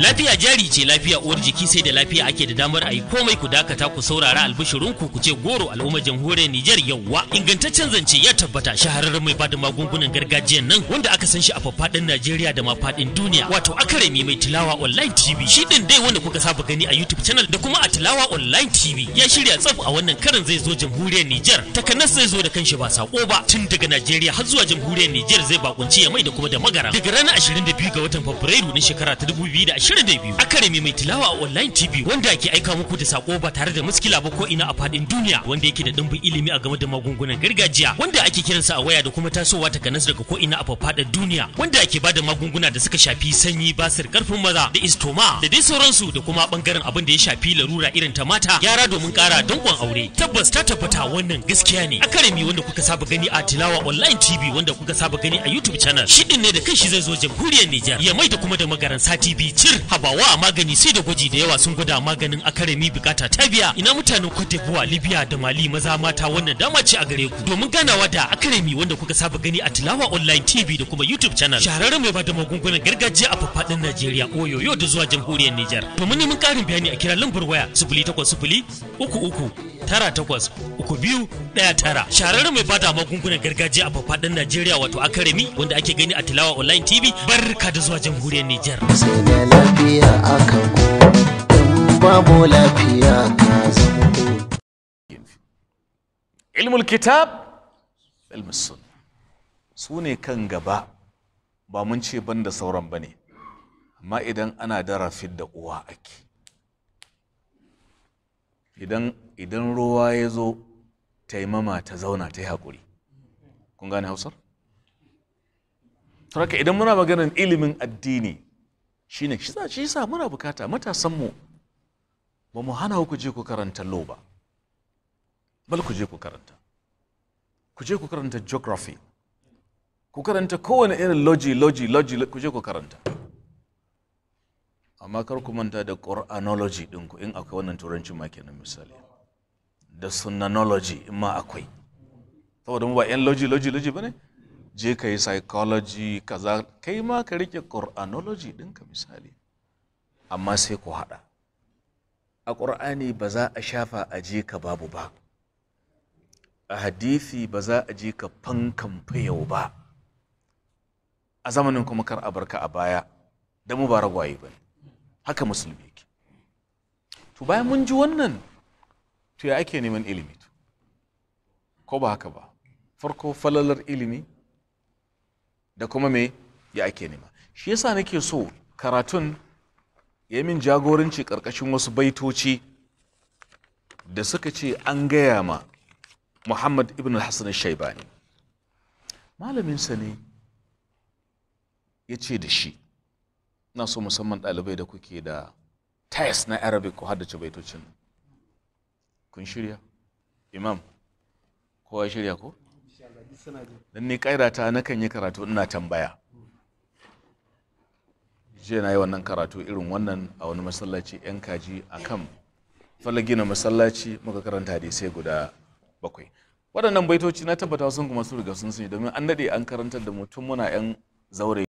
Lafiya jari ce lafiya uwar jiki sai da lafiya ake da damar ayi yi komai ku dakata ku saurara albishirinku ku ku ce goro al'umma jamhuriyar Nijar yawa ingantaccen zance ya tabbata shahararren mai bada magungunan gargajiyan nan wanda aka san shi a faffadin Najeriya da mafadin duniya wato akaremi mai tilawa online TV shi din dai wanda kuka saba gani a YouTube channel da kuma a tilawa online TV ya shirya tsaf a wannan karin zai zo jamhuriyar Nijar takanas zai zo da kanshi ba sako ba tun daga Najeriya har zuwa jamhuriyar Nijar zai bakunci ya mai da kuma da magara daga ranar 22 ga watan Fabrairu na shekara ta 2020 ashirin da biyu akaremi mai tilawa a online tv wanda ake aika muku da sako ba tare da muskila ba ko ina a fadin duniya wanda yake da dimbin ilimi a game da magungunan gargajiya wanda ake kiransa a waya da kuma tasowa ta kanas daga ko ina a fadin duniya wanda ake bada magunguna da suka shafi sanyi basir karfin maza da istoma da dai sauransu da kuma bangaren abin da ya shafi larura irin ta mata yara domin kara dankon aure tabbas ta tabbata wannan gaskiya ne akaremi wanda kuka saba gani a tilawa online tv wanda kuka saba gani a youtube channel shi ne da kanshi zai zo jamhuriyar Nijar ya mai da kuma da magaran sati biyu habawa magani sai da gwaji da yawa sun gwada maganin akaremi bukata ta biya ina mutanen Cote d'Ivoire Libya da Mali maza mata wannan dama ce a gare ku domin ganawa da akaremi wanda kuka saba gani a Tilawa Online TV da kuma YouTube channel shahararren mai bada magungunan gargajiya a faɗin Najeriya Oyoyo da zuwa jamhuriyar Nijar domin neman karin bayani a kira lambar waya 0800 uku uku tara takwas uku biyu ɗaya tara shahararren mai bada magungunan gargajiya a faɗin najeriya wato akaremi wanda ake gani a tilawa online tv barka da zuwa jamhuriyar nijar. sai lafiya ko babu lafiya ka ilmul kitab ilmul sun su ne kan gaba ba mun ce ban da sauran ba ne amma idan ana da rafin da uwa ake idan ruwa ya zo taimama ta zauna ta yi haƙuri kun gane hausar haka idan muna maganin ilimin addini shine shi sa muna bukata matasanmu ba mu hana ku je ku karanta law ba bal ku je ku karanta ku je ku karanta geography ku karanta kowane irin logi logi logi ku je ku karanta amma kar ku manta da ƙor'anology ɗinku in akwai wannan turanci ma kenan misali da sunnanology in ma akwai saboda mu ba yan loji loji loji ba ne je ka yi psychology kaza kai ma ka rike ƙor'anology ɗinka misali amma sai ku haɗa a ƙur'ani ba za a shafa a je ka babu ba a hadisi ba za a je ka fankan fayau ba a zamanin kuma kar a barka a baya da mu ba ragwaye ba haka musulmi yake to bayan mun ji wannan to ya ake neman ilimi ko ba haka ba farko falalar ilimi da kuma me ya ake nema shi yasa nake so karatun ya min jagoranci karkashin wasu baitoci da suka ce an gaya ma muhammad ibn hassan shaibani malaminsa ne ya ce da shi na so musamman ɗalibai da kuke da test na arabic ko haddace baitocin kun shirya imam kowa shirya ko dan ni na nakan yi karatu ina tambaya jiya na yi wannan karatu irin wannan a wani masallaci yan kaji a kan falagina masallaci muka karanta sai guda bakwai waɗannan baitoci na tabbata sun kuma su riga sun sun domin an daɗe an karantar da mutum muna yan zaure